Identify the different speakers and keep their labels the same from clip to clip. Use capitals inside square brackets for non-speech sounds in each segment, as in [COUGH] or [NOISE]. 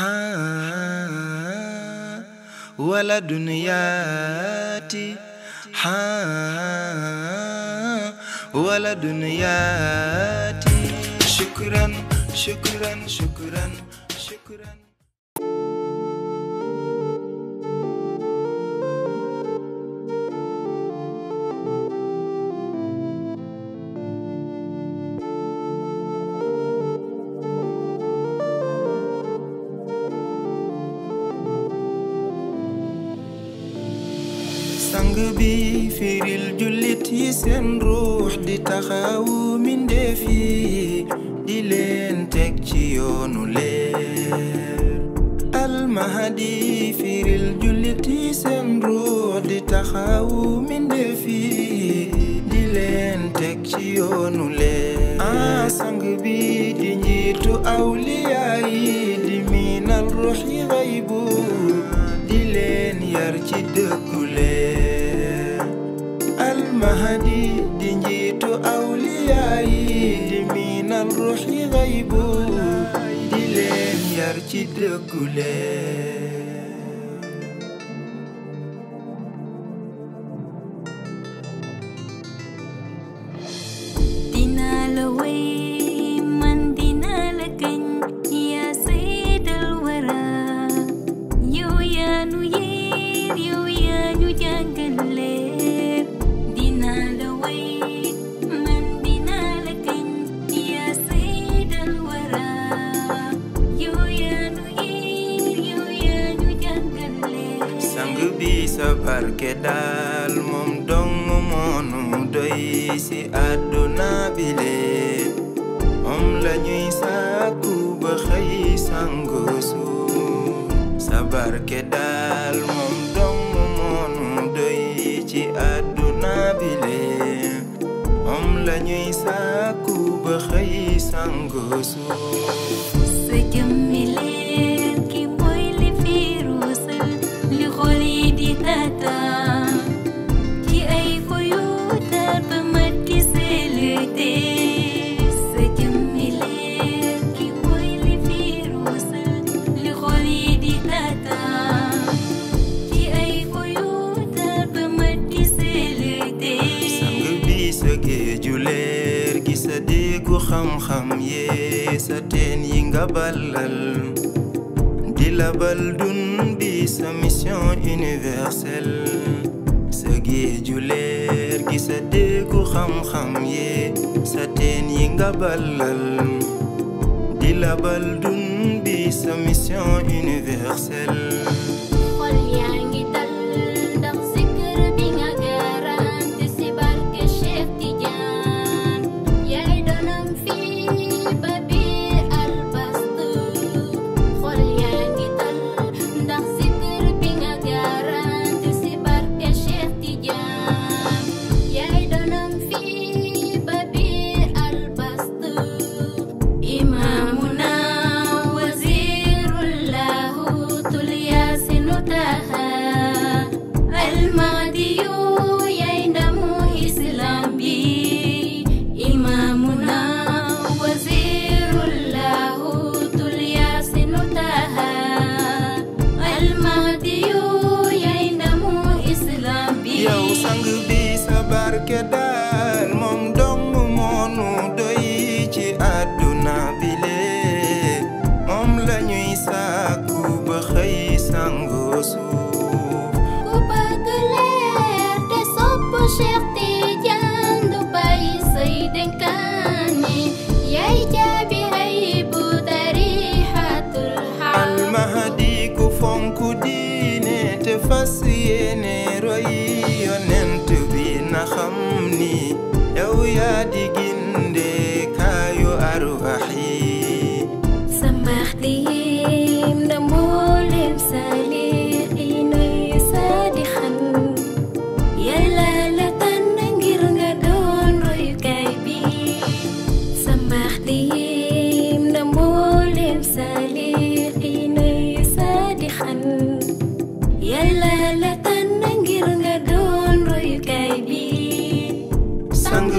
Speaker 1: haa wala duniyaati haa wala duniyaati shukran shukran shukran shukran seen ruux di taxawu mbindeef yi di leen teg ci yoonu leer almahdi firil jullit yi ruux di taxawu min yi di leen teg ci yoonu leer ah sang bi di njiitu awliya yi di miinal ruux yi xaybu di leen yar ci dëkk ci dëggu leen sellal di labal dun bi sa mission universelle sa géeju leer gi sa déggu xam-xam yi sa teen yi nga balal di labal dun bi sa mission universelle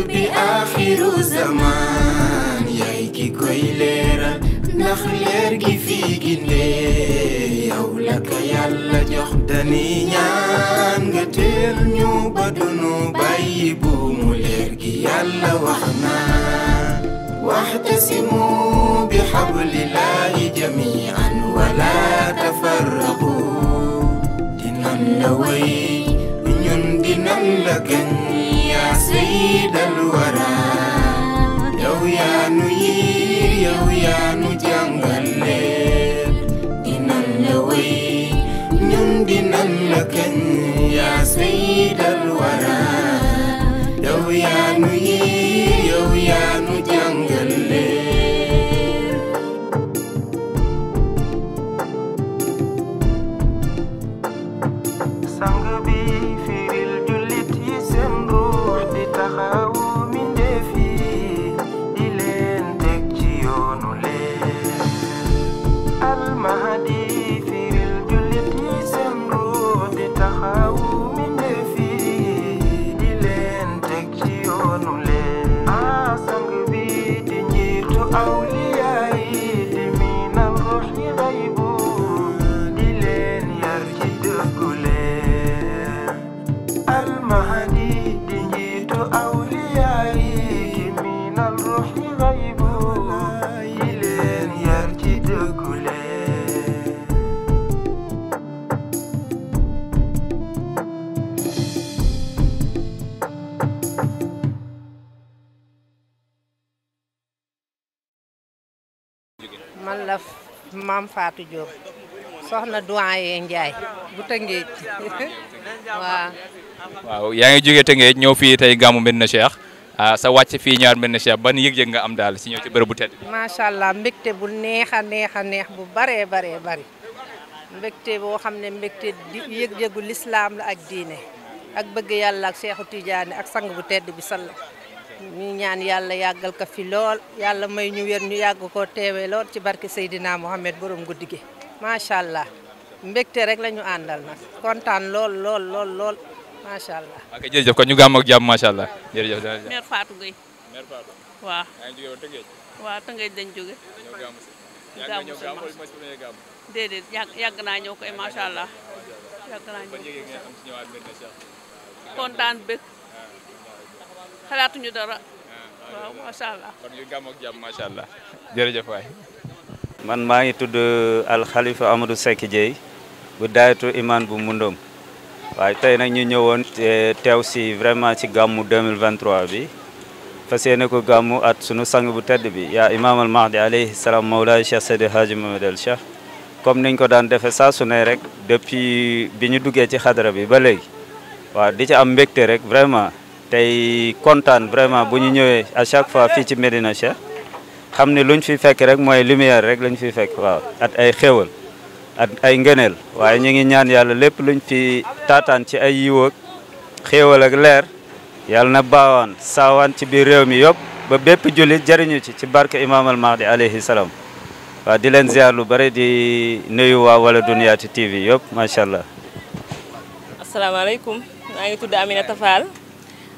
Speaker 1: bi axiru zaman yaay ki koy leeral ndax leer gi fii ginde la ka yàlla jox dani ñaan nga teel ñu ba dunu bàyyi buumu leer gi yàlla wax na waxtasimu bi xablillahi jamian wala tafarraqu dinan la way ñun dinan la gën sayyidal wara yow yaa nu yiir yow yaa nu jàngal leen dinañ la wéy ñun dinañ la kañ yaa sayyidal wara yow yaa nu yiir
Speaker 2: la maam Fatou Diop
Speaker 3: soxna doyen Ndiaye bu Tëngéej
Speaker 1: [LAUGHS]
Speaker 4: waaw. yaa ngi jóge Tëngéej ñëw fii tey gàmmu Medina Cheikh ah, sa wàcc fii ñaar Medina Cheikh ban yëg-yëg nga am daal si ñëw ci bërëb bu tedd.
Speaker 3: macha allah mbégte bu neex a neex bu baree baree bari mbégte boo xam ne mbégte di yëg-yëgu lislaam la ak diine ak bëgg yàlla ak Seexu Tijaani ak sang bu tedd bi sall. ñu ñaan yàlla yàggal ko fi lool yàlla may ñu wér ñu yàgg ko teewee lool ci barke Seydina Mohamed borom guddi gi macha allah mbégte rek lañu ñu nag kontaan lool lool lool lool
Speaker 4: allah. ok jërëjëf dañ jóge. ñoo ma
Speaker 3: déedéet yàgg naa ñëw koy macha allah
Speaker 4: yàgg naa ñëw kontaan bëgg. xalaatuñu dara ah, waaw macha jërëjëf waay.
Speaker 5: man maa ngi tudd euh, Al Khalifa Amadou Seck Dieye bu daayatu imaan bu Mundoom waaye tey nag ñu ñëwoon teew si vraiment ci gàmmu 2023 bi fas yéene ko gàmmu at sunu sang bu tedd bi yaa imaam al mahdi alayhi salaam mawlaay Cheikh Seydi Hadji Mohamed El Cheikh comme niñ ko daan defee saa su ne rek depuis bi ñu duggee ci xadara bi ba léegi waa di ci am mbégte rek vraiment tey kontaan vraiment bu ñu ñëwee à chaque fois fii ci Médina Cheikh xam ne luñ fi fekk rek mooy lumière rek lañ fi fekk waaw at ay xéwal at ay ngëneel waaye ñu ngi ñaan yàlla lépp luñ fi taataan ci ay yiwoog xéwal ak leer yàlla na baawaan saawaan ci biir réew mi yëpp ba bépp jullit jariñu ci ci barke Imam al Mahdi alayhi salaam waaw di leen ziar lu bare di nuyu waaw wala Duniyaati TV yëpp macha allah.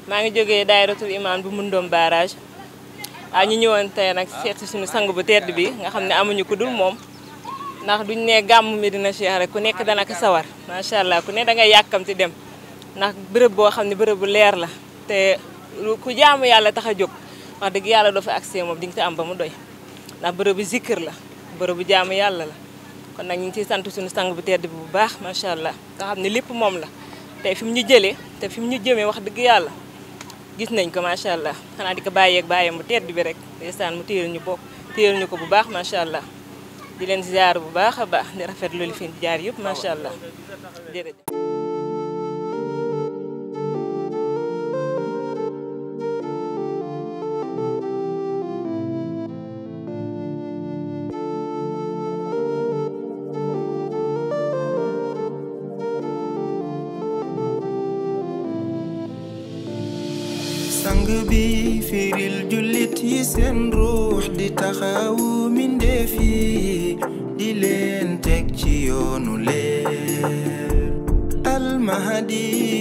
Speaker 3: maa ngi jógee daayratul imaan bu Mundoom barrage ah ñu ñëwoon tey nag seet suñu sang bu tedd bi nga xam ne amuñu ku dul moom ndax duñ ne gàmm Medina Cheikh rek ku nekk danaka sawar macha allah ku ne da ngay yàkkamti dem ndax bërëb boo xam ne bërëb bu leer la te ku jaam yàlla tax a jóg wax dëgg yàlla doo fa accès moom di nga ci am ba mu doy ndax bërëb bu zikkër la bërëb bu jaamu yàlla la kon nag ñu ngi ciy sant suñu sang bu tedd bi bu baax macha allah nga xam ne lépp moom la tey fi mu ñu jëlee te fi mu ñu jëmee wax dëgg yàlla gis nañ ko macha allah xanaa di ko bàyyeeg bàyyee mu tedd bi rek ndeysaan mu téyel ñu bokk téyel ñu ko bu baax macha allah di leen jaar bu baax a baax di rafet loolu di jaar yëpp macha allah
Speaker 1: firil jullit yi seen ruux di taxawu mbindeef yi di leen teg ci yoonu leer almahadi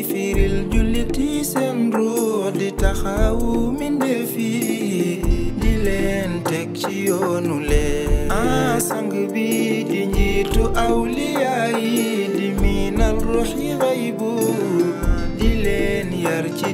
Speaker 1: firil jullit yi seen ruux di taxawu mbindeef yi di leen teg ci yoonu leer ah sang bi di njiitu awliya yi di miinal ruux yi xaybu di leen yar ci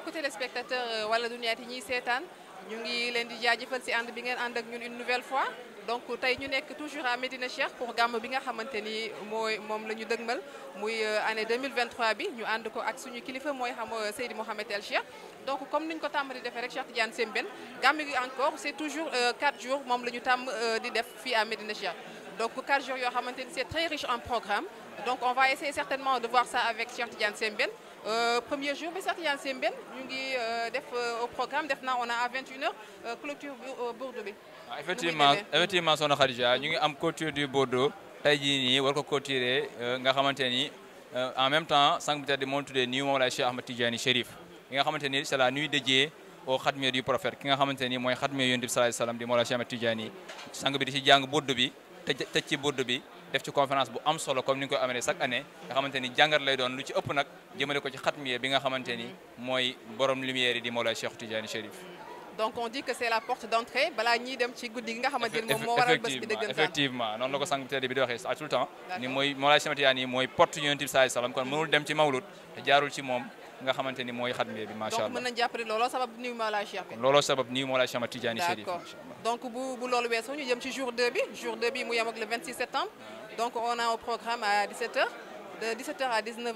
Speaker 3: mbokku téléspectateur euh, wala dunia yi ñuy seetaan ñu ngi leen di jaajëfal si ànd bi ngeen ànd ak ñun une fois donc tey ñu nekk toujours à Médina Cheikh pour gàmm bi xamante ni mooy moom la ñu dëgmal muy euh, année 2023 bi ñu ànd ko ak kilifa mooy xam euh, Seydi Mouhamed El Cheikh donc comme niñ ko tàmm di defee rek Cheikh Tidiane Sembène gàmm gi encore c' est toujours 4 jours moom la ñu tàmm di def fi à Médina Cheikh jours yoo xamante ni c' est très riche en programme donc on va essayer certainement de voir ça avec Cheikh Tidiane Sembène Euh, premier jour bi sax yaa ngi ñu ngi euh, def euh, au programme def naa a à 21h clôture Bordeaux bi. Ah, effectivement
Speaker 4: effectivement soxna ñu ngi am clôture du Bordeaux. tey jii nii war ko clôturer nga xamante ni en même temps sang bi tedd moo tuddee nii moom laay Cheikh Ahmed Tidiane Chérif. ki nga xamante ni c'est la nuit dédiée au xatmiya du prophète ki nga xamante ni mooy xatmiya yonent bi sallallahu alayhi di Mawlana Cheikh Ahmed Tidiane sang bi di ci jàng Bordeaux bi te ci Bordeaux bi. def ci conférence bu am solo comme ni koy amee chaque année nga xamante ni lay doon lu ci ëpp nag jëmale ko ci xatmiye bi nga xamante mooy borom lumière di Mawlay Cheikh Tidiane Chérif.
Speaker 3: donc on dit que c'est la porte d'entrée balaa ñuy dem ci guddi gi nga xamante
Speaker 4: mooy porte yonent bi sallallahu kon mënul dem ci mawlud jaarul ci moom nga xamante mooy xatmiye bi macha allah donc mën
Speaker 3: donc bu bu loolu weesoo ñu jëm ci jour 2 jour 2 mu yem Donc on a programme à 17h, de 17h à 19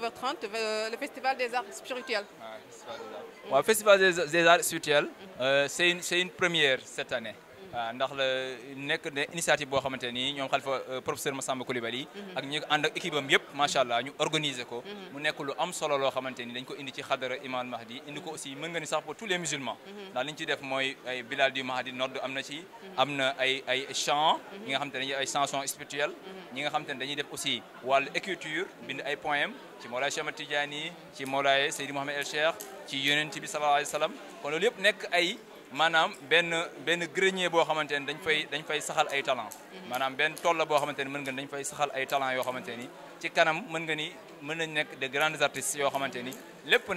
Speaker 3: des Arts Spirituels. Ah, le Festival des Arts,
Speaker 4: mmh. ouais, Festival des, des arts Spirituels, euh, waaw euh, ndax la nekk ne initiative boo xamante nii ñoom xalifa euh, professeur Massamba Coulibaly mhm. ak ñi ànd ak équipe am allah ñu organiser ko mhm. mu nekk lu am solo loo dañ ko indi ci xadara Imam Mahdi indi ko mhm. aussi mën sax pour tous les musulmans ndax li ci def mooy ay du Mahdi nodd am na ci am ay ay ñi nga xam te ay chansons spirituelles ñi nga xam te ne def aussi wàllu écriture bind ay poème ci Mawlaay Cheikh Ahmad Tidiane ci Mawlaay Seydi maanaam benn benn grenier boo xamante ne dañ fay dañ ay talent maanaam benn tool la boo xamante ne mën dañ fay saxal ay talent yoo xamante ci kanam mën nga ni nekk de grands artistes yoo xamante ni lépp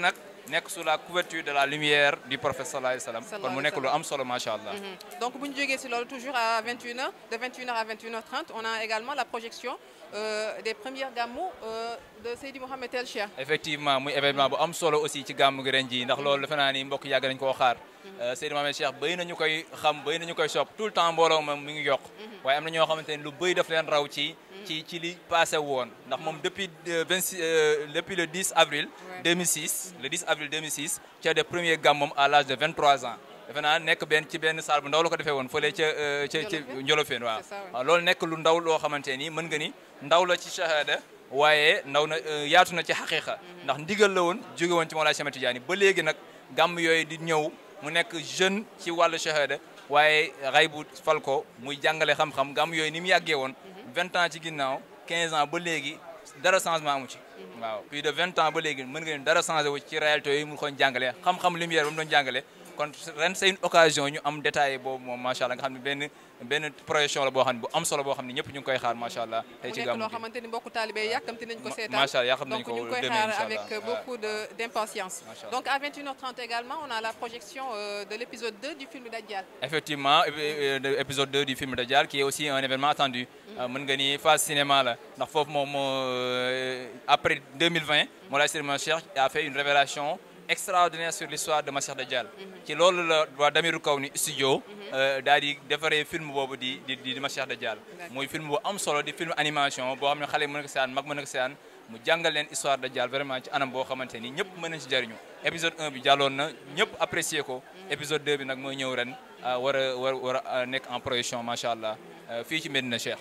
Speaker 4: nekk sous la couverture de la lumière du prophète sallallahu alayhi kon mu nekk lu am solo macha allah.
Speaker 3: Mhm. donc bu ñu si loolu toujours à 21 de 21h à on a également la projection. Euh, des premières gàmmu euh, de Seydi Mouhamed El Cheikh.
Speaker 4: effectivement muy événement bu am solo aussi ci gàmmu gi ren jii ndax lool defe naa ni mbokk yàgg nañ koo xaar. Euh, Seydi Mouhamed Cheikh bëy nañu koy xam bëy nañu koy sopp tout le temps mbooloo moom mi ngi yokk mhm. waaye am na ñoo xamante ne lu bëy daf leen raw mhm. ci. ci li passé woon ndax moom mhm. depuis euh, vingt six euh, depuis le 10 avril. 2006 le 10 avril 2006 ca de premier à l'âge de 23 ans. defe naa nekk benn ci benn saal bu ndaw la ko defee woon fële ca euh, ca ca Njolofeen waaw waaw loolu nekk lu ndaw loo xamante ni mën nga ni ndaw la ci shahada waaye ndaw na euh, yaatu na ci xaqiqa mhm. ndax ndigal la woon jóge woon ci Mawlaa Cheikh Tidiane ba léegi nag gàmm yooyu di ñëw mu nekk jeune ci wàllu shahada waaye Ghaibou Falco muy jàngale xam-xam gàmm yooyu ni mu yàggee woon mhm. vingt ans ci ginnaaw quinze ans ba léegi dara changement amu ci mhm. waaw plus de vingt ans ba léegi mën nga ni dara changé wu ci réalité yooyu mu doon jàngale xam-xam li mu jàngale kon ren c'est une occasion ñu am détail boobu moom macha allah nga xam ne benn benn projection la boo xam ne bu am solo boo xam ne ñëpp ñu ngi koy xaar macha allah tey ci gàmmu loo xamante
Speaker 3: ni mbokku taalibe yàkkamti nañ ko seetaan macha allah yàkkam nañ ko donc ñu ngi koy xaar avec euh, beaucoup d'impatience donc à également on a la projection euh, de l'épisode du film Dajjal
Speaker 4: effectivement euh, épisode du film Dajjal qui est aussi un événement attendu mm. mën nga ni phase cinéma la ndax foofu moom après 2020 mm. Moulay Serigne Cheikh a fait une extraordinaire sur l'histoire de Massex Dajjal ci loolu la waa Damiru Kawni studio euh, daal di defaree film boobu di di di Massex Dajjal muy film bu am solo di film animation boo xam ne xale mën a ko seetaan mag mën a ko seetaan mu jàngal leen histoire Dajjal vraiment ci anam boo xamante ni ñëpp mën nañ si jariñu épisode 1 bi jàlloon na ñëpp apprécier ko mm. épisode 2 bi nag mooy ñëw ren euh, war a war war a euh, nekk en projection macha allah fii ci Medina Cheikh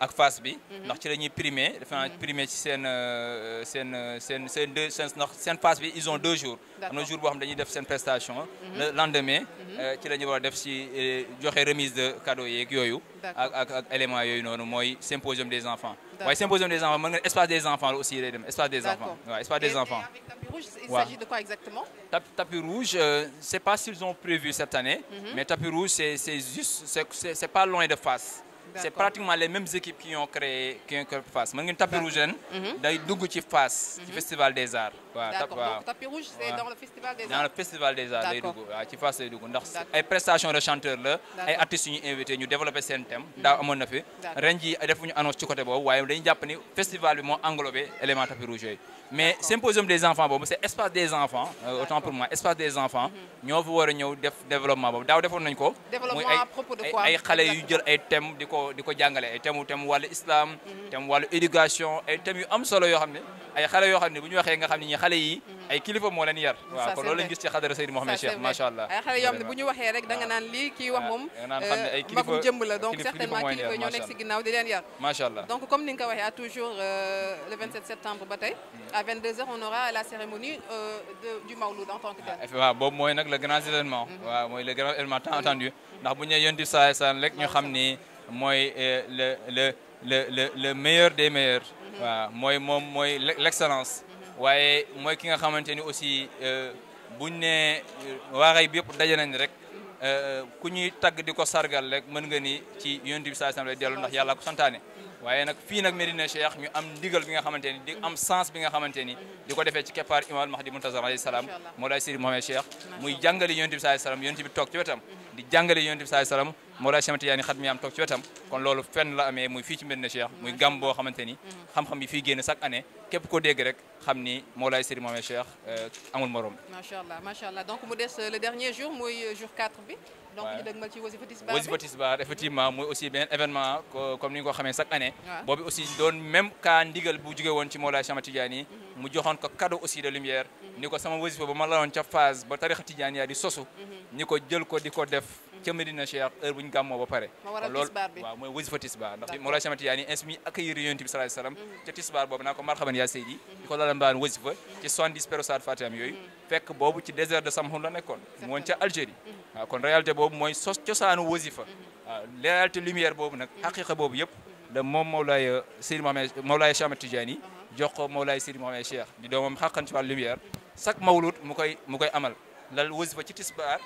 Speaker 4: ak face bi. Mhm. ndax ci la ñuy primé defe naa mhm. primé ci ils ont deux jours. am na jour boo xam dañuy def seen prestation. Mhm. lendemain. Euh, ci la ñu def si euh, joxe remise de cadeau yeeg yooyu. ak ak ak éléments yooyu noonu mooy symposium des enfants. waaye symposium des enfants mën nga espace des enfants aussi lay espace des enfants.
Speaker 3: waaw
Speaker 4: rouge euh, c'est pas s'ils ont prévu cette année. mais tapis rouge c'est juste c'est pas loin de face. c'est pratiquement les mêmes équipes qui ont créé qui ont créé Fass mën ngeen tapis ah. rouge mhm. day dugg ci Fass. ci mhm. festival des arts. waaw d'accord donc
Speaker 3: tapis rouge festival des arts.
Speaker 4: dans le day dugg waaw ci Fass day dugg ndax ay prestations de chanteurs la. ay artistes yu ñu invité ñu développé seen thème. Mhm. daaw amoon na fi ren ji defuñu annonce ci côté boobu waaye dañu jàpp ni festival bi moo englobé élément tapis rouge yooyu. mais symposium des enfants boobu c'est espace des enfants euh, autant espace des enfants mhm. ñoo fi war a def développement boobu daaw defoon nañ ko muy
Speaker 3: ay ay xale yu
Speaker 4: jël ay thème di ko di ko jàngale islam mhm. thème wàllu éducation ay thèmes yu am solo yoo xam ne ay xale yoo xam ne bu ñu nga xam ne ñi xale yi mhm. ay kilifa moo leen yar waaw kon loolu gis ci xadara Seydi Mohamed Cheikh macha allah ay xale yoo xam ne
Speaker 3: bu ñu waxee rek da nga naan lii kii wax ah, moom euh, magum jëmb la donc certainement kilifa ñoo nekk si ginnaaw di leen à 22h la cérémonie euh, de,
Speaker 4: du Mawlud en tant waaw boobu mooy nag le grand événement. Mhm. waaw mooy le grand événement tant entendu ndax bu ñu nee yonent bi sallallahu alayhi ñu xam ni mooy euh, le le le le le meilleur des meilleurs. Mhm. mooy moom mooy l'excellence. Mhm. waaye mooy ki nga xamante ni aussi euh, bu ñu nee euh, waaray bi yëpp daje nañ rek. Eh, ku ñuy tagg di ko sargal rek mën nga ni ci yonent bi sallallahu alayhi wasallam lay dellu ndax yàlla ko santaane waaye nag fii nag Medina Cheikh ñu am ndigal bi nga xamante ni di am sens bi nga xamante ni di ko defee ci keppaar Imam Mahdi Muntazar alayhi salaam Mawlaay Sidi Mohamed Cheikh muy jàngali yonent bi sallallahu alayhi wasallam toog ci wetam di jàngale yonent bi sallallahu alayhi wasallam Mawlaa Cheikh Tidiane xat mi wetam kon loolu fenn la amee muy fii ci Medina muy gam boo xam-xam yi fii génn chaque année képp rek xam ni Mawlaa Seydi Mouhamed Cheikh euh, morom.
Speaker 3: macha allah donc mu des euh, le dernier jour muy euh, jour 4 bi. donc ñu dëgmal ci Wasifa
Speaker 4: Tisbar Wasifa Tisbar effectivement muy aussi beneen événement comme ni nga ko xamee chaque année boobu aussi doon même cas ndigal bu jóge woon ci Mawlaay Cheikh Tidiane yi mhm. mu joxoon ko cadeau aussi de lumière mhm. ni ko sama wasifa ba ma la ca phase ba tarixa Tidiane yaa di sosu mhm. ni ko jël ko di ko def ca Medina Cheikh heure bu ñu gàmmoo ba pare loolu waaw mooy wasifa tisbaar ndax Mawlana Cheikh Tidiane insmi mm-hmm. ko marhaban yaa seydi mm-hmm. di ko loolan daan wasifa yooyu mm-hmm. fekk boobu ci désert de Samhoun la nekkoon mu woon ca Algérie waaw kon réalité boobu mooy sos cosaanu wasifa waaw réalité lumière boobu nag xaqiqa boobu yëpp la moom Mawlaay Seydi Mohamed Mawlaay Cheikh Ahmed Tidiane yi uh-huh. jox ko Mawlaay Seydi di doomam xaqan ci lumière chaque mawlud mu koy amal lal wasifa ci tisbaar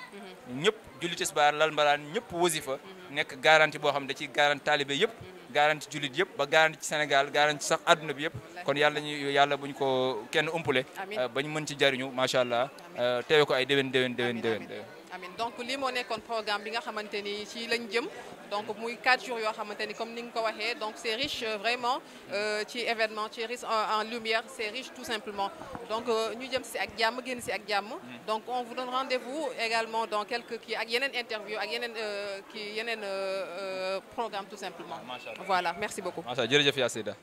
Speaker 4: ñëpp julli tisbaar lal mbalaan ñëpp wasifa nekk garanti boo xam ne da ciy garanti taalibe yëpp garanti jullit yëpp ba garanti ci Sénégal garanti sax àdduna bi yëpp kon yàlla ñu yàlla buñ ko kenn umpule euh, bañ mën ci jariñu macha allah euh, teewe ko ay déwén déwén déwén déwén
Speaker 3: amin donc lii moo nekkoon programme bi nga xamante ni ci lañ jëm donc muy 4 jours yoo xamante ni comme ni nga ko waxee donc c'est riche euh, vraiment euh, ci événement ci riche en lumière c'est riche tout simplement donc euh, ñu jëm si ak jàmm génn si ak jàmm mm. donc on vous donne rendez-vous également dans quelques kii ak yeneen interview ak yeneen
Speaker 5: kii yeneen programme tout simplement voilà merci beaucoup
Speaker 4: jërëjëf yaa Seyda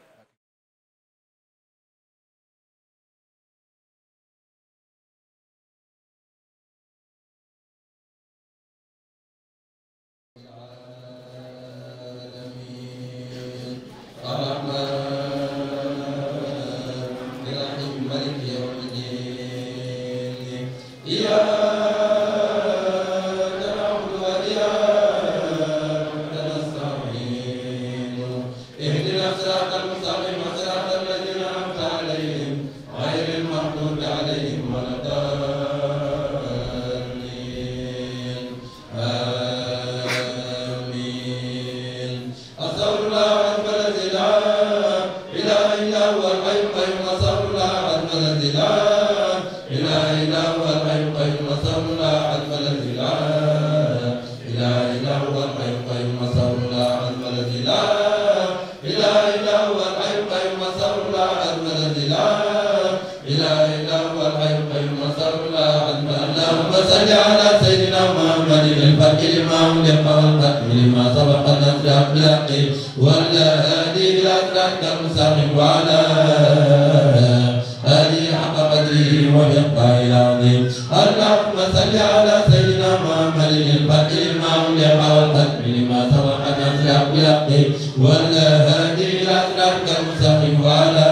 Speaker 6: الفتح المعون يقربت بما سبق نسلك بلقه ولا هادي الى صراطك المستقيم وعلى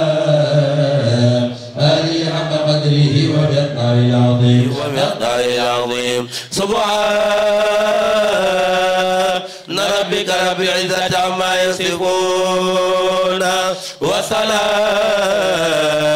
Speaker 6: آله حق قدره ومقداره العظيم ومقداره العظيم سبحان ربك رب العزة عما يصفون وسلام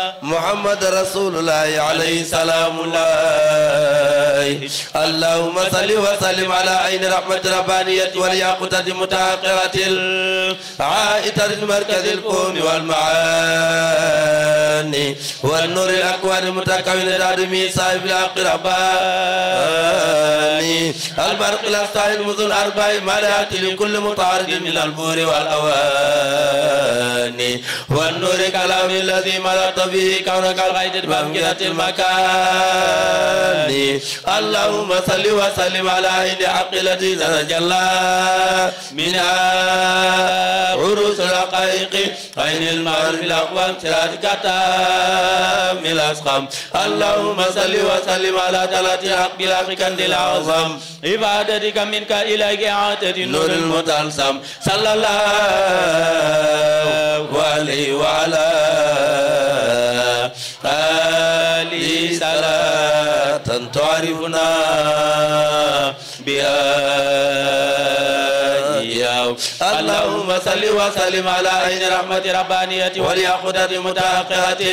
Speaker 6: محمد رسول الله عليه سلام الله اللهم صل وسلم على عين رحمة ربانية والياقوتة المتعاقرة عائدة المركز القوم والمعاني والنور الأكوان المتكون العدمي صاحب الحق رباني المرق الأسطح المذن أربع ملات لكل مطارد من البور والأواني والنور كلام الذي ملأت به كونك الغيث المهجنة المكان اللهم صل وسلم على عين حق التي تتجلى منها عروس الحقائق عين المعرف الأقوام سرادك التام الأسقم اللهم صل وسلم على ثلاث حق بالحق كنز العظم عبادتك منك إليك إعادة النور المتلسم صلى الله عليه وعلى لي صلاة تعرفنا بها إياه اللهم صل وسلم على عين رحمة ربانية واليقظة متحققة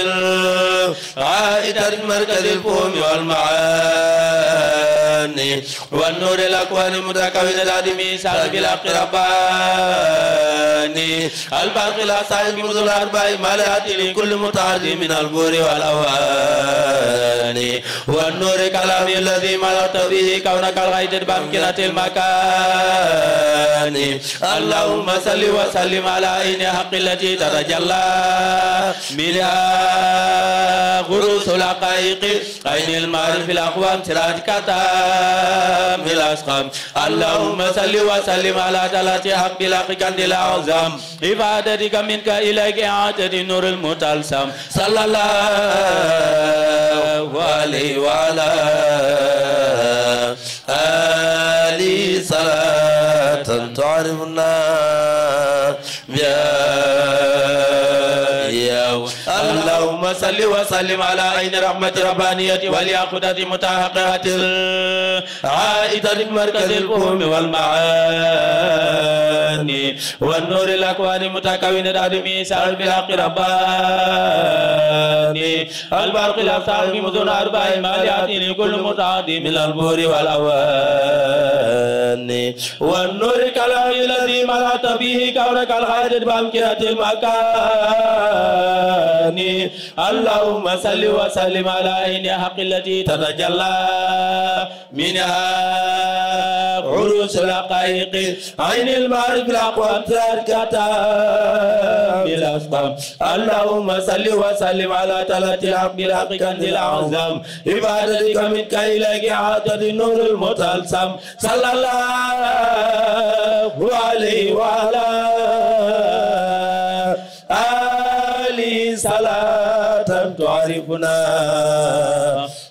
Speaker 6: عائدة مركز الفهم والمعاد الرحمن والنور الأكوان المتكون العدمي سعد بالأقربان الباقي لا صاحب مذ الأربع ملأت لكل متعد من البور والأوان والنور كلامي الذي ملأت به كونك الغيث بأمكنة المكان اللهم صل وسلم على عين حق التي تتجلى ملا غروس الحقائق عين المعرف في الأقوام سراتك تام في الأسقام اللهم صل وسلم على ثلاث حق بالحق عند الأعظم عبادتك منك إليك إعادة نور المتلسم صلى الله عليه وعلى آله صلاة تعرفنا اللهم صل وسلم على عين رحمة ربانية والياقوتة متحققة عائدة بمركز الفهم والمعاني والنور الأكوان متكون الأدمي سعر بالحق رباني البرق الأفتاح مذن أربع الماليات لكل متعدي من البور والأوان الجنة والنور الكلام الذي ملأت به كونك الحاجة بأمكنة المكان اللهم صل وسلم على عين حق التي تتجلى منها عروس الحقائق عين المعرف الأقوام تاركة بالأسباب اللهم صل وسلم على تلات الحق الحق كنز الأعظم عبادتك منك إليك عادت النور المتلسم صلى الله عليه وعلى آله صلاة تعرفنا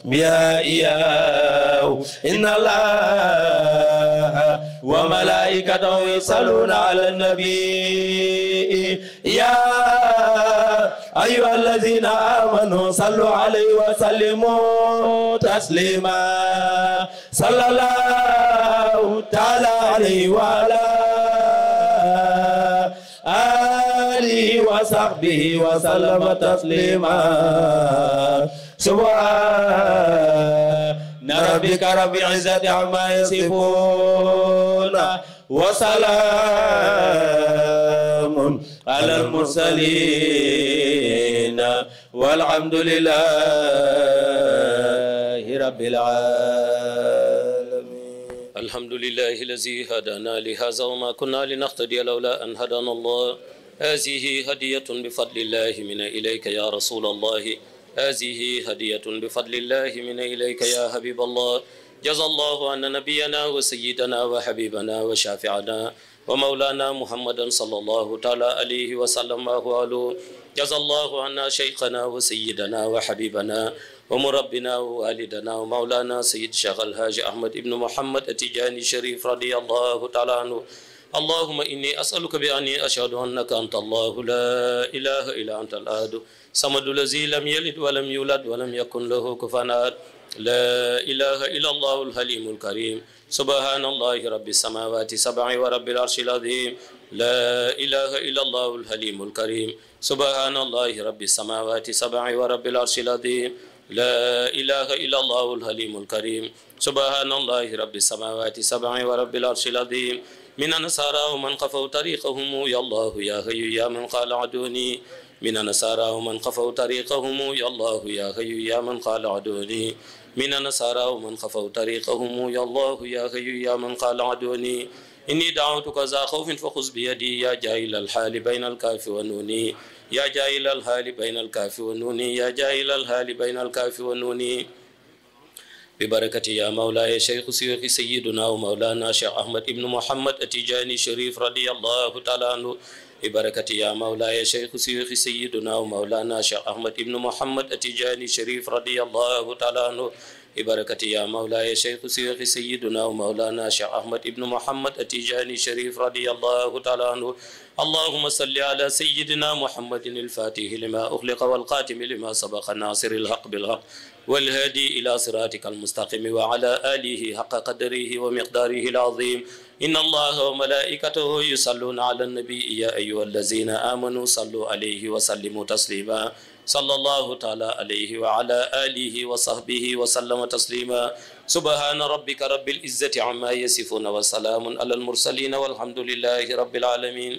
Speaker 6: بها إياه إن الله وملائكته يصلون على النبي يا أيها الذين آمنوا صلوا عليه وسلموا تسليما صلى الله تعالى عليه وعلى آله وصحبه وسلم تسليما سبحان ربك رب العزة عما يصفون وسلام على المرسلين والحمد لله رب العالمين
Speaker 7: الحمد لله الذي هدانا لهذا وما كنا لنهتدي لولا أن هدانا الله هذه هدية بفضل الله من إليك يا رسول الله هذه هدية بفضل الله من إليك يا حبيب الله جزى الله عن نبينا وسيدنا وحبيبنا وشافعنا ومولانا محمدا صلى الله تعالى عليه وسلم وآله جزى الله عنا شيخنا وسيدنا وحبيبنا ومربنا ووالدنا ومولانا سيد شيخ الهاج أحمد بن محمد التجاني الشريف رضي الله تعالى عنه اللهم إني أسألك بأني أشهد أنك أنت الله لا إله إلا أنت الأحد الصمد الذي لم يلد ولم يولد ولم يكن له كفوا أحد لا إله إلا الله الحليم الكريم سبحان الله رب السماوات سبع ورب العرش العظيم لا إله إلا الله الحليم الكريم سبحان الله رب السماوات سبع ورب العرش العظيم لا إله إلا الله الحليم الكريم سبحان الله رب السماوات سبع ورب العرش العظيم من نصارى ومن قفوا طريقهم يا الله يا هي يا من قال عدوني من نصارى ومن قفوا طريقهم يا الله يا هي يا من قال عدوني من نصارى ومن قفوا طريقهم يا الله يا هي يا من قال عدوني إني دعوتك ذا خوف فخذ بيدي يا جاهل الحال بين الكاف والنون يا جاهل الحال بين الكاف والنون يا جاهل الحال بين الكاف والنون ببركته يا مولاي شيخ سيوخي سيدنا ومولانا شيخ أحمد ابن محمد التجاني شريف رضي الله تعالى عنه ببركة يا مولاي شيخ سيوخي سيدنا ومولانا شيخ أحمد ابن محمد التجاني شريف رضي الله تعالى عنه ببركة يا مولاي شيخ سيوخي سيدنا ومولانا شيخ أحمد ابن محمد التجاني شريف رضي الله تعالى عنه اللهم صل على سيدنا محمد الفاتح لما أخلق والقاتم لما سبق ناصر الحق بالحق والهادي إلى صراطك المستقيم وعلى آله حق قدره ومقداره العظيم إن الله وملائكته يصلون على النبي يا أيها الذين آمنوا صلوا عليه وسلموا تسليما صلى الله تعالى عليه وعلى آله وصحبه وسلم تسليما سبحان ربك رب العزة عما يصفون وسلام على المرسلين والحمد لله رب العالمين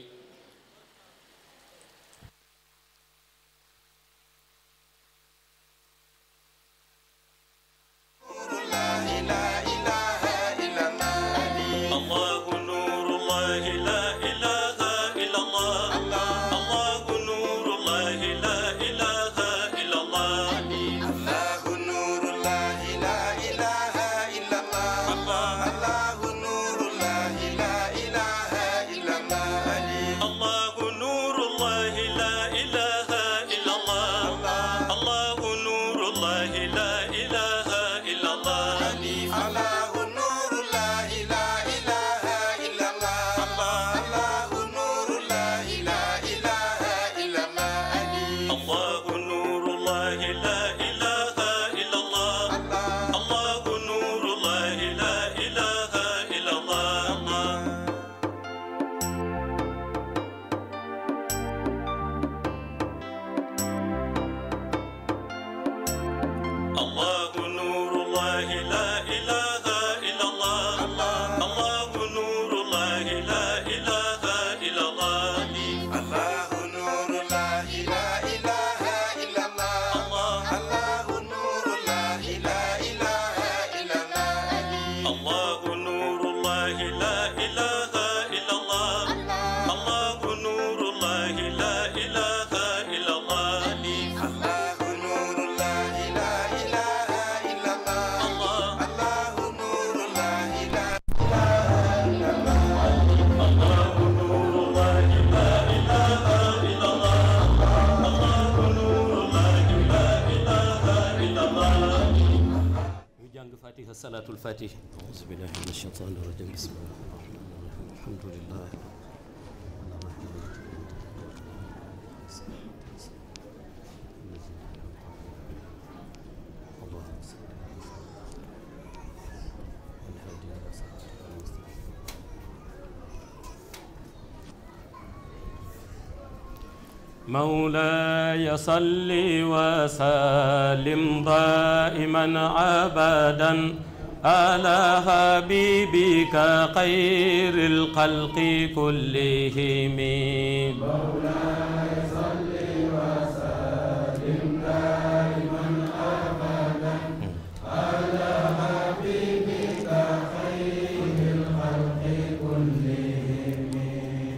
Speaker 7: مولاي صل وسلم دائما أبدا على حبيبك خير الخلق كلهم مولاي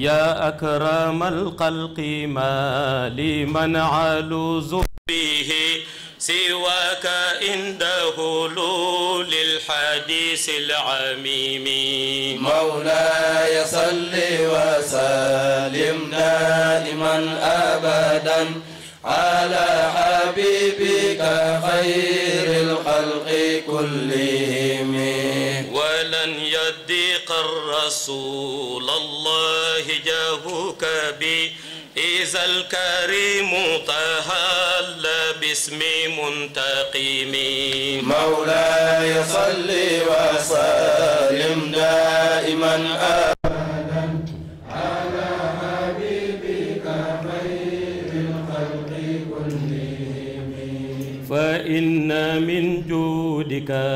Speaker 7: يا أكرم الخلق ما لي منعل زهره سواك عند هلول الحديث العميم
Speaker 6: مولاي صل وسلم دائما أبدا على حبيبك خير الخلق كلهم ولن يد تلقى رسول الله جاهك
Speaker 7: بي إذا الكريم تهل باسم منتقم
Speaker 6: مولاي صل وسلم دائما أبدا على
Speaker 7: حبيبك خير الخلق كلهم fa inna min juudika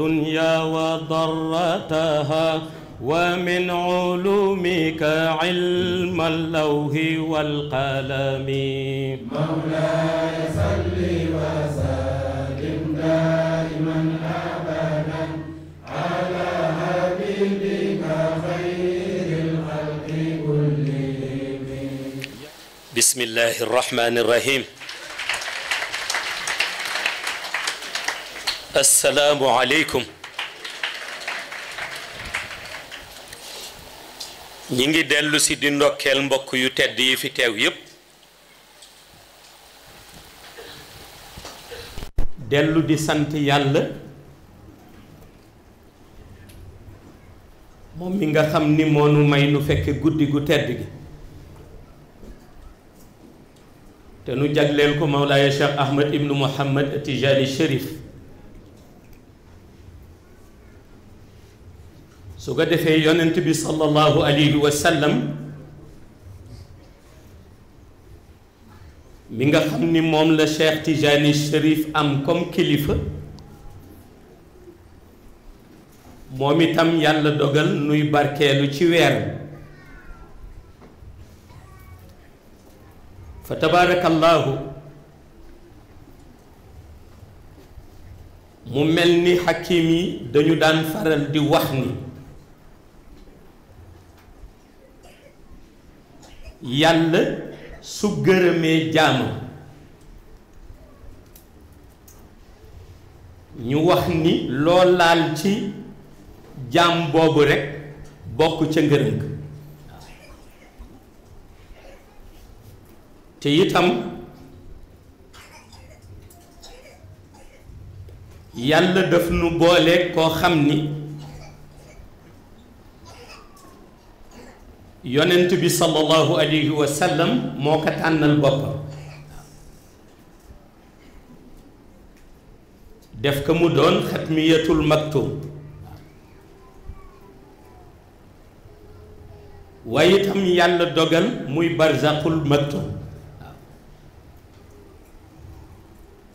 Speaker 7: dunya wa darrataha wa min ulumika ilma al-lawhi wal-qalami mawlaaya
Speaker 8: salli wa
Speaker 7: sallim daiman abadan ala habibika khayril khalqi kullihim bismillahi rahmani rahim asalaamualeykum ñi ngi dellu si di ndokkeel mbokk yu tedd yi fi teew yépp dellu di sant yàlla moom mi nga xam ni moo nu may nu fekk guddi gu tedd gi te nu jagleel ko Mawlaaya Cheikh Ahmed Ibnu Muhammad Tijaani Cherif su ko defee yonent bi sallallahu alayhi wa sallam mi nga xam ni moom la Cheikh Tijani Cherif am kom kilifa moom itam yàlla dogal nuy barkeelu ci weer fa tabaarakallaahu mu mel ni xakim yi dañu daan faral di wax ni yàlla su gërëmee jaamam ñu wax ni loo laal ci jaam boobu rekk bokk ca ngërëm te itam yàlla daf nu boole koo xam ni yonent bi sallallahu alayhi wa sallam moo ko tànnal boppam def ko mu doon xatmiyatul maktum waay itam yàlla dogal muy barzaqul maktum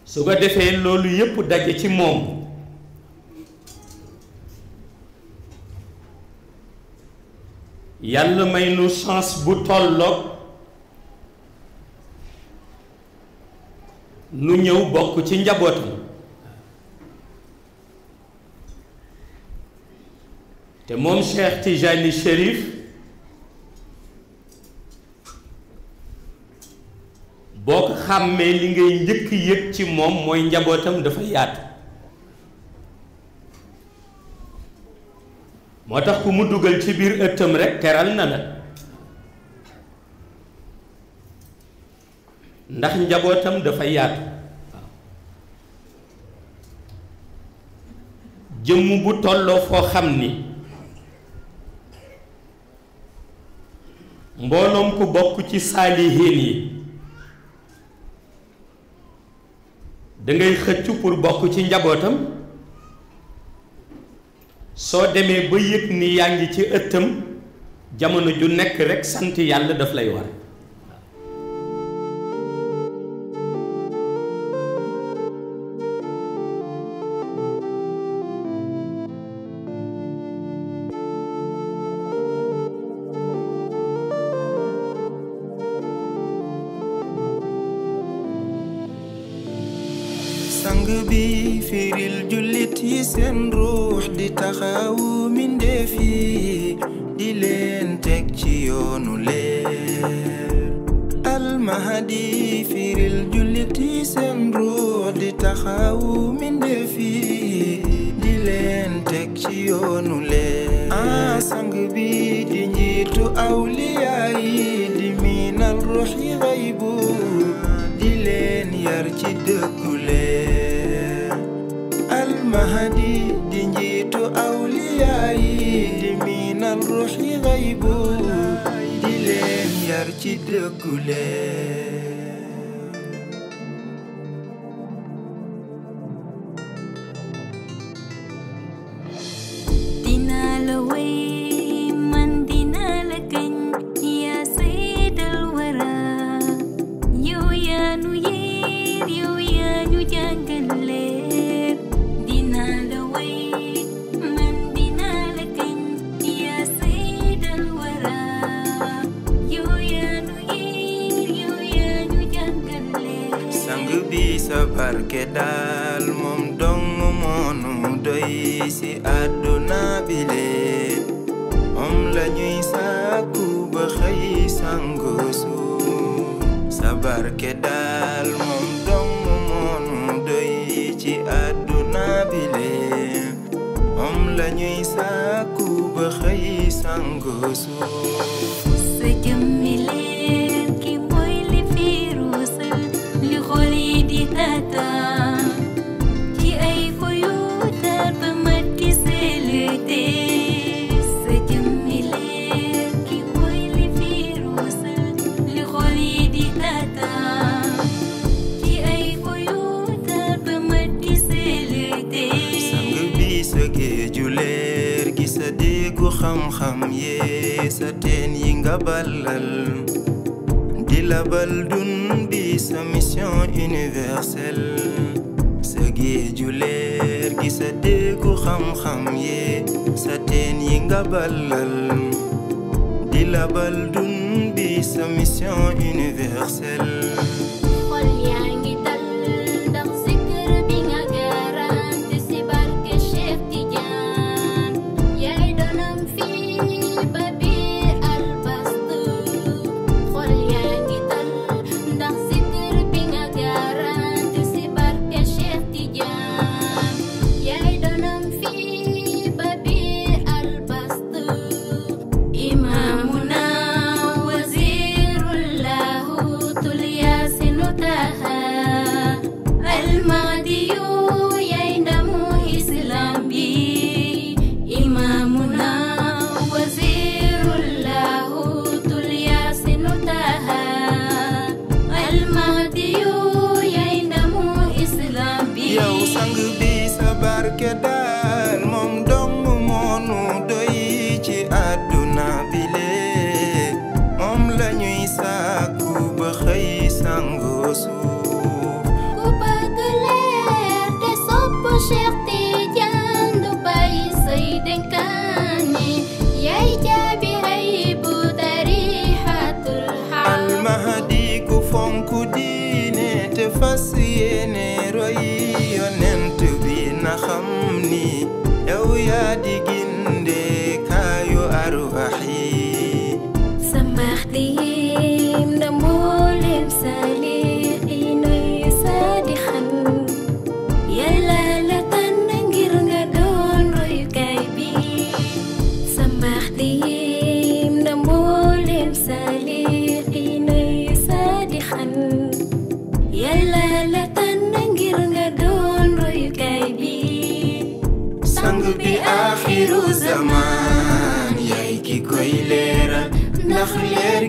Speaker 7: su ko defee loolu yépp daje ci moom yàlla may nu chance bu tolloog nu ñëw bokk ci njabootam te moom Cheikh Tijani Chérif boo ko xàmmee li ngay njëkk yëg ci moom mooy njabootam dafa yaatu moo tax ku mu dugal ci biir ëttam rekk teral na la ndax njabootam dafa yaatu waaw jëmm bu tolloo foo xam ni mbooloom ku bokk ci saalihiin yi dangay ngay pour bokk ci njabootam soo demee ba yëg ni yaa ci ëttam jamono ju nekk rek sant yàlla daf lay war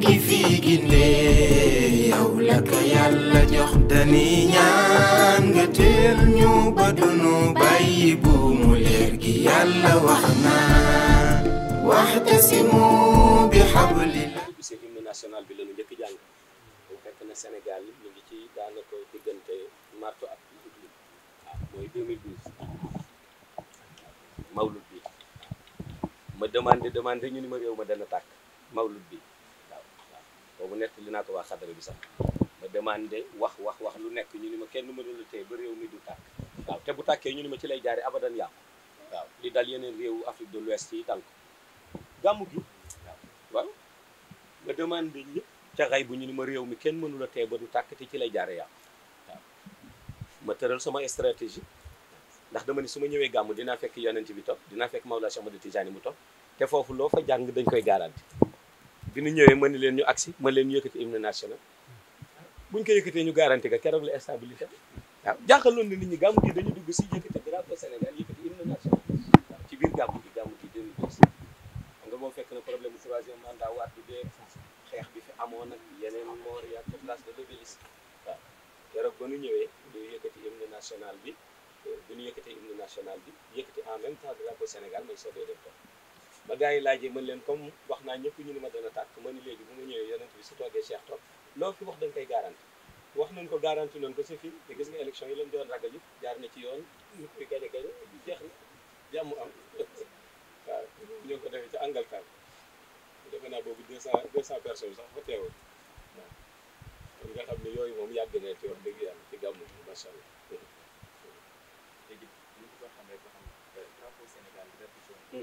Speaker 1: gi fii gindee yow la ko yàlla jox dañuy ñaan nga teel ñu ba dunu bàyyi buumu leer gi yàlla wax naa waxtasimu bi hablillah bi sécurité
Speaker 7: nationale bi la ñu njëkk jàng bu fekk na Sénégal ñu ngi ci daanaka diggante marto ak juillet waaw ah, mooy 2012 mawlud bi ma demandé demandé ñu ni ma réew ma dana tàkk mawlud bi mu nekk li naa ko waa xadara bi sax ma demandé wax wax wax lu nekk ñu ni ma kenn mënula tey ba réew mi du tàkk waaw te bu tàkkee ñu ni ma ci lay jaare abadan yàqu waaw li dal yeneen réewu Afrique de l'Ouest yi dal ko gàmmu gi waaw ma demandé ñëpp ca xay bu ñu ni ma réew mi kenn mënula tey ba du tàkk te ci lay jaare yàqu waaw ma tëral sama stratégie ndax dama ni su ma ñëwee gàmmu dinaa fekk yonent bi topp dinaa fekk Mawlana Cheikh Ahmadou Tidiane mu topp te foofu loo fa jàng dañ koy garanti bi ñu ñëwee mën leen ñu agsi mën leen ñu yëkkati hymne national buñ ko yëkkatee ñu garanti ka keroog la stabilité waaw jaaxaloon na nit ñi gàmmu gi dañu dugg si yëkkati drapeau Sénégal yëkkati national ci biir gàmmu gi gàmmu gi dén bos xam nga boo fekk na problème bu troisième mandat waat bi dee xeex bi fi amoon ak yeneen moor yaag ca de l'Obélisque waaw keroog ba ñu ñëwee ñu yëkkati hymne national bi euh, bu ñu yëkkatee hymne national bi yëkkati en même temps drapeau Sénégal mooy soobee dem toog ba gars yi laajee mën leen comme wax naa ñëpp ñu ni ma dana tàkk ma ni léegi bu ma ñëwee yonent bi su toogee Cheikh toog loo fi wax da nga koy garanti wax nañ ko garanti loon ko si fii te gis nga élection yi lañ doon ragal jaar na ci yoon ñu koy jeex na jàmm am [LAUGHS] waaw ñu ngi ko defee ci Angleterre defe naa boobu deux cent deux cent personnes sax fa teewul waaw kon nga xam ne yooyu moom yàgg na ci wax dëgg yàlla ci gàmmu bi macha allah
Speaker 4: [LAUGHS] léegi ñu ko xam ne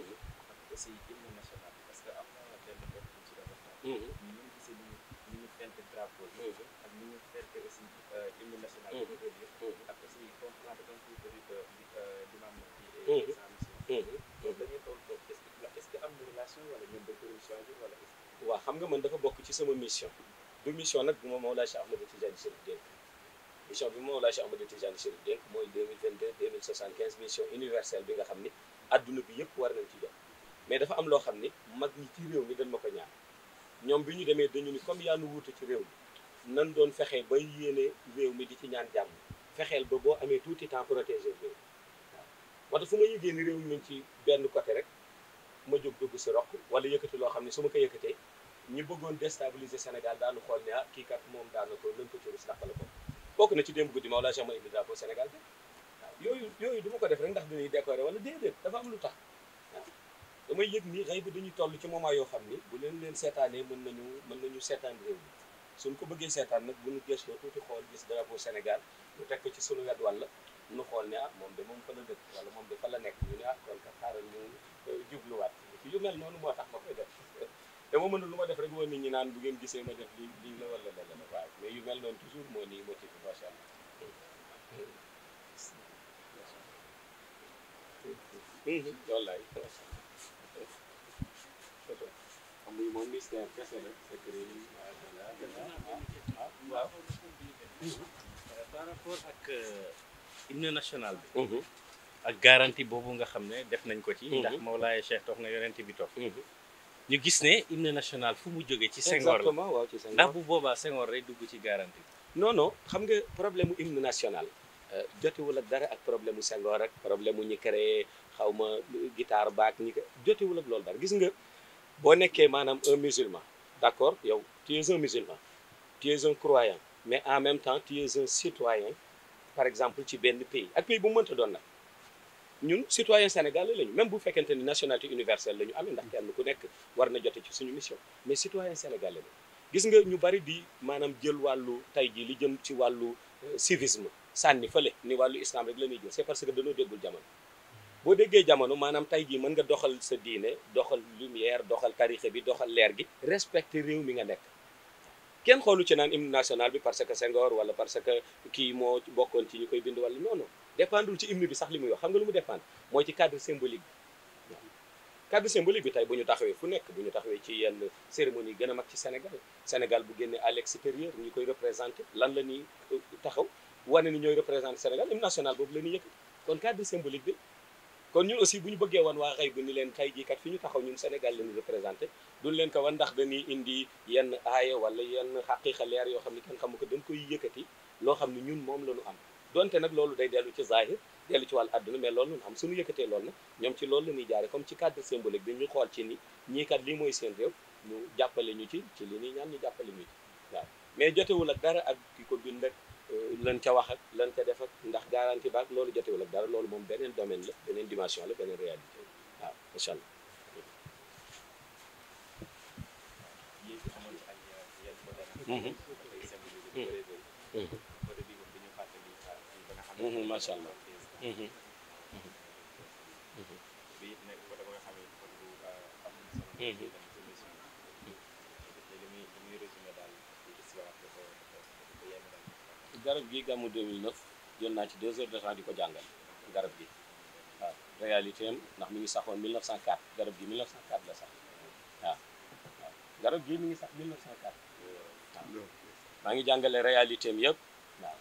Speaker 4: aussi hymne national bi parce que am na benn bopp ñu ci doon waxtaan. Mm-hmm. ñu ngi gisee ni ñu ni ñu fent bi. relation wala ñoom dañ ko
Speaker 7: xam nga man dafa bokk ci sama mission. du mission nag bu ma Mawlaa Cheikh Ahmadou Tidiane Chérif dénk mission bi Mawlaa Cheikh Ahmadou Tidiane Chérif dénk mooy 2022 2075 mission universelle bi nga xam ni adduna bi yëpp war nañ ci jot mais dafa am loo xam ni mag ñi ci réew mi dañ ma ko ñaan ñoom bi ñu demee dañu ni comme yaa nu wuute ci réew mi nan doon fexee ba yéene réew mi di ci ñaan jàmm fexeel ba boo amee tuuti temps protéger réew waaw moo tax su ma yëgee ni réew mi ci benn côté rek ma jóg dugg si roq wala yëkkati loo xam ne su ma ko yëkkatee ñi bëggoon déstabiliser Sénégal daanu xool ne ah kii kat moom daana ko lënka coris ndax bokk na ci démb guddi Maola Cheikh Mahi Ibra Drapeau Sénégal bi waaw yooyu yooyu du ma ko def rek ndax dañuy décorer wala déedéet dafa am lu tax damay yëg ni xëy bi dañuy toll ci moment yoo xam ni bu leen leen seetaanee mën nañu mën nañu seetaan réew mi suñ ko bëggee seetaan nag bu ñu gëstoo tuuti xool gis drapeau Sénégal ñu teg ko ci sunu wet wàll nu xool ne ah moom de moom fa la dëkk wala moom de la nekk ñu ne ah kon ka xaaral ñu euh, jubluwaat ci yu mel noonu moo tax ma koy def [LAUGHS] te ma mënul lu ma def rek woon nit ñi naan bu ngeen gisee ma def lii lii la wala la la waaw mais yu mel noonu toujours moo nii motivé macha allah mm-hmm. xam ne moom mystère kese la
Speaker 5: ah, ah, ak euh,
Speaker 7: hymne national bi mm-hmm. ak garantie boobu nga xam ne def nañ ko ci mm-hmm. ndax Mawlaaya Cheikh toog na yonent bi toog mm-hmm. ñu gis ne hymne national fu mu jógee ci Senghor exactement waaw ci Senghor ndax bu boobaa Senghor rek dugg ci garantie bi xam nga problème mu hymne national euh, jotewul ak dara ak problème mu Senghor ak problème mu ñu créé xaw ma guitare baak ñi ko jotewul ak loolu dara gis nga boo nekkee maanaam un musulman d'accord yow tu es un musulman tu un croyant mais en même temps tu es un citoyen par exemple ci benn pays ak pays bu mu mënta doon nag ñun citoyen Sénégal lañu même bu fekkent ni nationalité universelle lañu ñu amee ndax kenn ku nekk war na jote ci suñu mission mais citoyen Sénégal lañu gis nga ñu bari di maanaam jël wàllu tey jii li jëm ci wàllu euh, civisme sànni fële ni wàllu islam rek la ñuy jël c'est parce que dañoo boo déggee jamono maanaam tey jii mën nga doxal sa diine doxal lumière doxal tarixe bi doxal leer gi respecter réew mi nga nekk kenn xoolu ci naan hymne national bi parce que Senghor wala parce que kii moo bokkoon ci ñu koy bind wala non non dépendul ci bi sax li muy xam nga lu mu dépendre mooy ci cadre symbolique bi cadre symbolique bi tey bu ñu taxawee fu nekk bu ñu taxawee ci yenn cérémonie gën a mag ci Sénégal Sénégal bu génnee à l'extérieur ñu koy représenté lan la ñuy euh, taxaw wane ni ñooy représenté Sénégal hymne national boobu la ñuy yëkkati kon cadre symbolique bi kon ñun aussi bu ñu bëggee wan waa xëy bu ni leen tey jii kat fi ñu taxaw ñun Sénégal la ñu représenté duñ leen ko wan ndax dañuy indi yenn aaya wala yenn xaqiiqa leer yoo xam ne kenn xamu ko dañ koy yëkkati loo xam ne ñun moom la am donte nag loolu day dellu ci zahir dellu ci wàllu àdduna lool loolu lañu am suñu yëkkatee loolu nag ñoom ci loolu la ñuy jaare comme ci cadre symbolique bi ñu xool ci ni ñii kat lii mooy seen réew ñu jàppale ñu ci ci li ñuy ñaan ñu jàppale ñu ci waaw mais jotewul ak dara ak ki ko bind ak lan ca wax ak lan ca def ak ndax garantie baak loolu jotewul ak dara loolu moom beneen domaine la beneen dimension la beneen réalité waaw incha allah mm-hmm. Mm-hmm.
Speaker 4: Mm-hmm. macha allah bi it nekk
Speaker 7: garab gi gàmmu 2009 jël naa ci deux heures de temps di ko jàngal garab gi waaw réalité ndax mi ngi saxoon 1904 garab gi 1904 la sax waaw waaw garab gi mi ngi sax 1904 waaw maa ngi jàngale réalité am yëpp waaw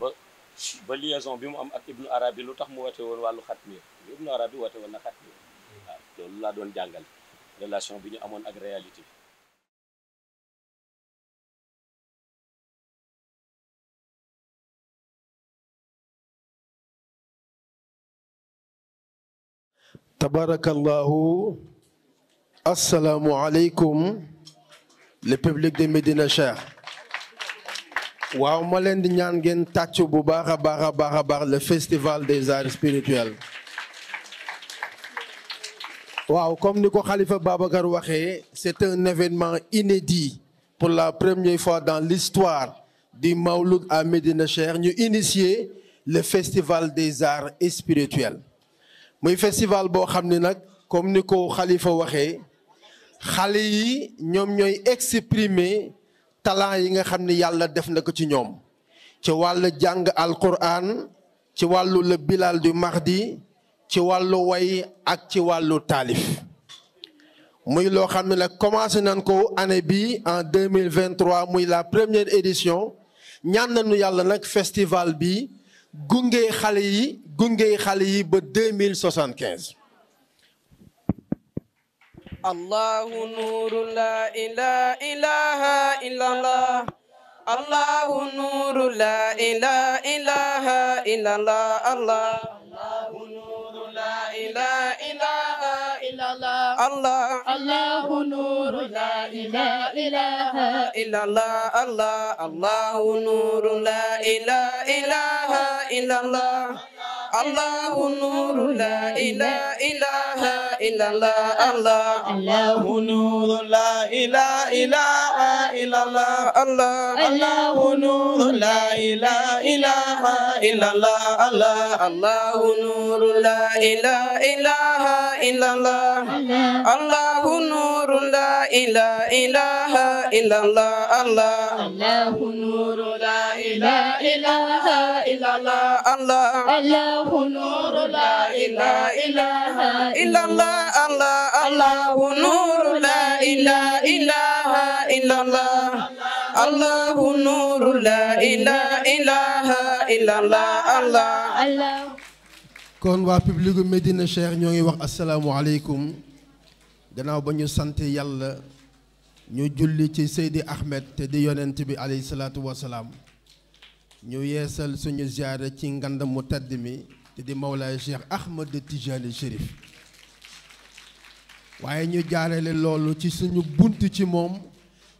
Speaker 7: ba ba liaison bi mu am ak Ibnu Arabi lu tax mu wate woon wàllu xat xatmiir Ibnu Arabi wate woon na xatmiir waaw loolu
Speaker 5: laa doon jàngal relation bi ñu amoon ak réalité bi tabarakallahu
Speaker 9: assalaamu aleykum le public de Médina Cheikh waaw ma leen di ñaan ngeen tàcc bu baax a baax a baax a baax le festival des arts spirituels waaw comme ni ko Khalifa Babacar waxee c'est un événement inédit pour la première fois dans l'histoire du Maouloud à Médina Cheikh ñu initier le festival des arts spirituels muy festival boo xam ni nag comme ni ko Khalifa waxee xale yi ñoom ñooy exprimer talent yi nga xam ni yàlla def na ko ci ñoom ci wàllu jàng alquran ci wàllu le bilal du mardi ci wàllu way ak ci wàllu taalif muy loo xam ne nag commencé nañ ko année bi en deux mille vingt-trois muy la première édition ñaan nañu yàlla nag festival bi gunge xale yi gunge xale yi ba deux mille soixante quinze.
Speaker 2: Allahu nuuru la ilaha illallah. Allahu nuuru la ilaha لا إله إله إلا الله الله الله نور لا إله إله إلا الله الله الله نور لا إله إله إلا الله الله نور لا إله إلا الله الله الله نور لا إله إلا الله الله الله نور لا إله إلا الله الله الله نور لا إله إلا الله الله نور لا إله إله إلا الله الله الله نور لا إله إله إلا الله الله الله نور لا إله إله إلا الله الله الله نور لا إله إله إلا الله الله نور لا إله إله إلا الله
Speaker 9: الله kon waa public Medina Cheikh ñoo ngi wax asalaamualeykum gannaaw ba ñu sant yàlla ñu julli ci Seydi Ahmed te di yonent bi alayhi salaatu wasalaam ñu yeesal suñu ziyaare ci ngand mu tedd mi te di Mawlaay Cheikh Ahmed Tijani Chérif waaye ñu jaarale loolu ci suñu bunt ci moom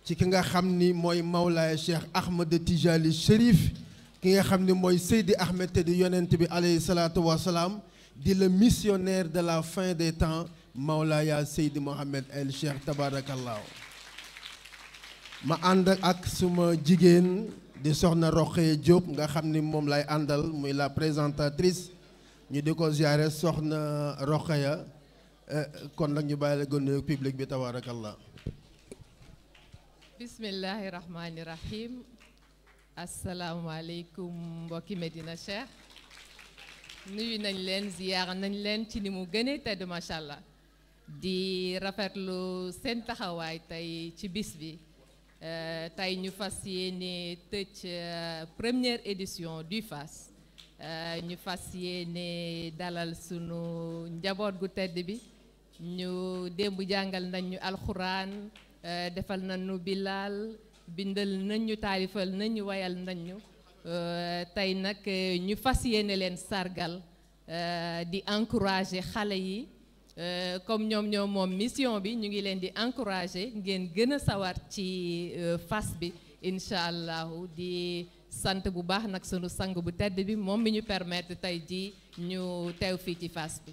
Speaker 9: ci ki nga xam ni mooy Mawlaay Cheikh Ahmed Tijani Chérif ki nga xam ni mooy Seydi Ahmed te di yonent bi alayhi salaatu wasalaam di le missionnaire de la fin des temps Mawlaya Seydi Mohamed El Cheikh tabarakallah ma ànd ak suma jigéen di soxna Roqee Diop nga xam ni moom lay àndal muy la présentatrice ñu di ko ziare soxna Roqeya eh, kon nag ñu bàyyi la gën public bi tabarakallah
Speaker 3: bismillahi rahmaani rahim asalaamaaleykum mbokki Medina Cheikh nuyu nañ leen ziyaara nañ leen ci ni mu gënee tedd macha allah di rafetlu seen taxawaay tey ci bis bi euh, tey ñu fas yéene tëj euh, première édition du FAS euh, ñu fas yéene dalal sunu njaboot gu tedd bi ñu démb jàngal nañ ñu alxuraan defal nañu bilaal bindal nañu ñu taalifal nañ ñu wayal tey nag ñu fas yéene leen sargal di encourager xale yi Euh, comme ñoom ñoom moom mission bi ñu ngi leen di encourager ngeen gën a sawar ci euh, fas bi incha allahu di sant bu baax nag sunu sang bu tedd bi moom mi ñu permettre
Speaker 5: tey jii ñu teew fii ci fas bi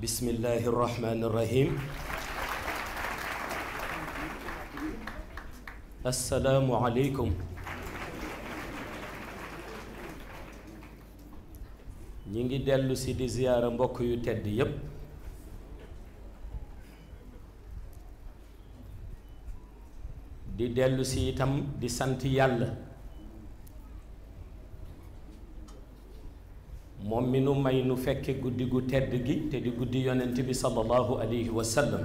Speaker 5: bismillahi
Speaker 7: irrahmani irrahim assalaamu aleykum ñi ngi dellu si di ziyaara mbokk yu tedd yépp di dellu si itam di sant yàlla moom mi nu may nu fekke guddi gu tedd gi te di guddi yonent bi sallallahu alayhi wa sallam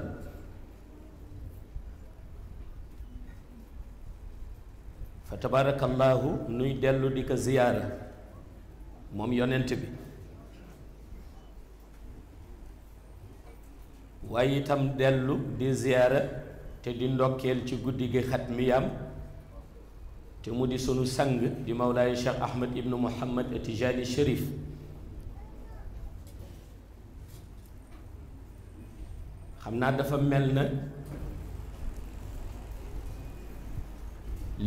Speaker 7: fa tabaarakallaahu nuy dellu di ko ziyaara moom yonent bi waaye itam dellu di ziyaara te di ndokkeel ci guddi gi xatmiyaam te mu di sunu sang di mawlaay Cheikh Ahmed ibnu Muhammad Tijaani Chérif xam naa dafa mel na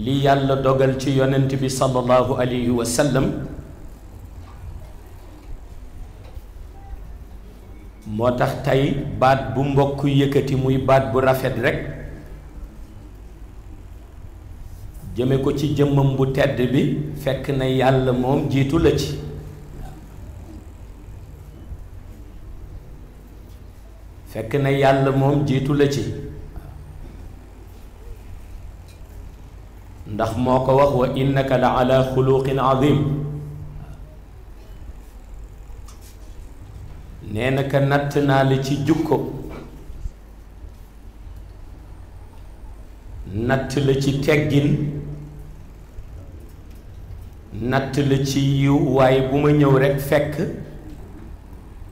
Speaker 7: li yàlla dogal ci yonent bi sallallahu alayhi wa moo tax tey baat bu mbokk yëkkati muy baat bu rafet rekk jëme ko ci jëmmam bu tedd bi fekk na yàlla moom jiitu la ci fekk na yàlla moom jiitu la ci ndax moo ko wax wa innaka la ala xuluqin azim nee na ka natt naa la ci jukko natt la ci teggin natt la ci yiw waaye bu ma ñëw rekk fekk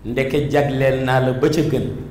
Speaker 7: ndeke jagleel naa la ba ca gën